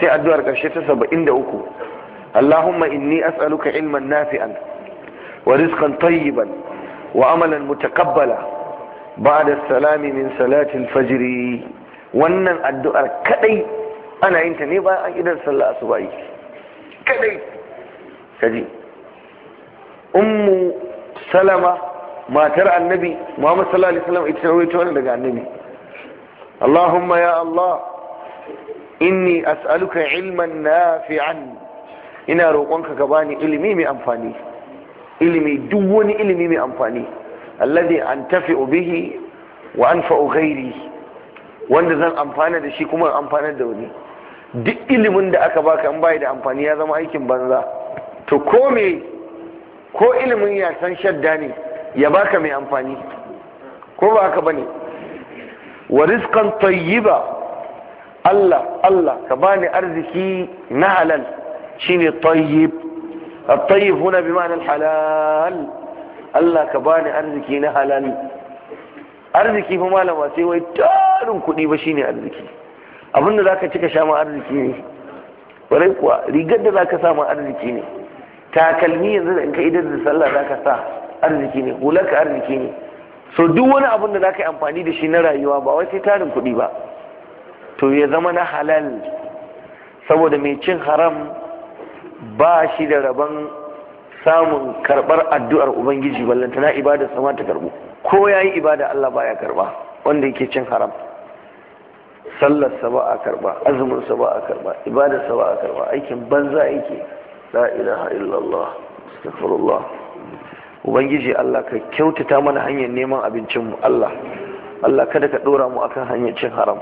sai addu'ar ƙarshe ta saba'in da uku Allahumma inni as'aluka ilman nafi'an wa rizqan tayyiban wa amalan mutakabbala ba'da salami min salatin fajiri. wannan addu'ar kadai ana yin ta ne bayan an idan sallah asuba kadai kaji ummu salama matar annabi muhammad sallallahu alaihi wasallam ita rawaito wani daga annabi Allahumma ya Allah inni as'aluka ilman nafi'an ina roƙonka ka bani ilimi mai amfani ilimi duk wani ilimi mai amfani alladhi antafi'u bihi wa anfa'u ghairi wanda zan amfana da shi kuma amfanar da wani duk ilimin da aka baka in bai da amfani ya zama aikin banza to ko me ko ilimin ya san shadda ne ya baka mai amfani ko ba haka bane wa rizqan tayyiba Allah Allah ka bani arziki na halal shine tayyib at-tayyib huna bi ma'na al-halal Allah ka bani arziki na halal arziki fa malama sai wai tarin kuɗi ba shine arziki abinda zaka cika sha ma arziki ne warai kuwa rigar da zaka sa ma arziki ne takalmi yanzu da in ka idar da sallah zaka sa arziki ne hula ka arziki ne so duk wani abin da zaka yi amfani da shi na rayuwa ba wai sai tarin kuɗi ba to ya zama na halal saboda mai cin haram ba shi da rabon samun karɓar addu'ar ubangiji ballanta na ibada sama ta karɓo ko ya yi ibada Allah ba ya karɓa wanda yake cin haram sallarsa ba a karɓa azuminsa ba a karɓa sa ba a karɓa aikin banza yake la ilaha illallah astaghfirullah ubangiji Allah ka kyautata mana hanyar neman abincinmu Allah Allah kada ka ɗora mu akan hanyar cin haram